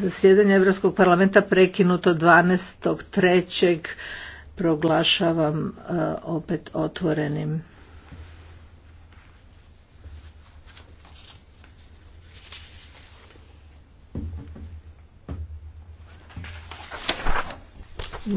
Zasjedanje Europskog parlamenta prekinuto 12.3. proglašavam e, opet otvorenim.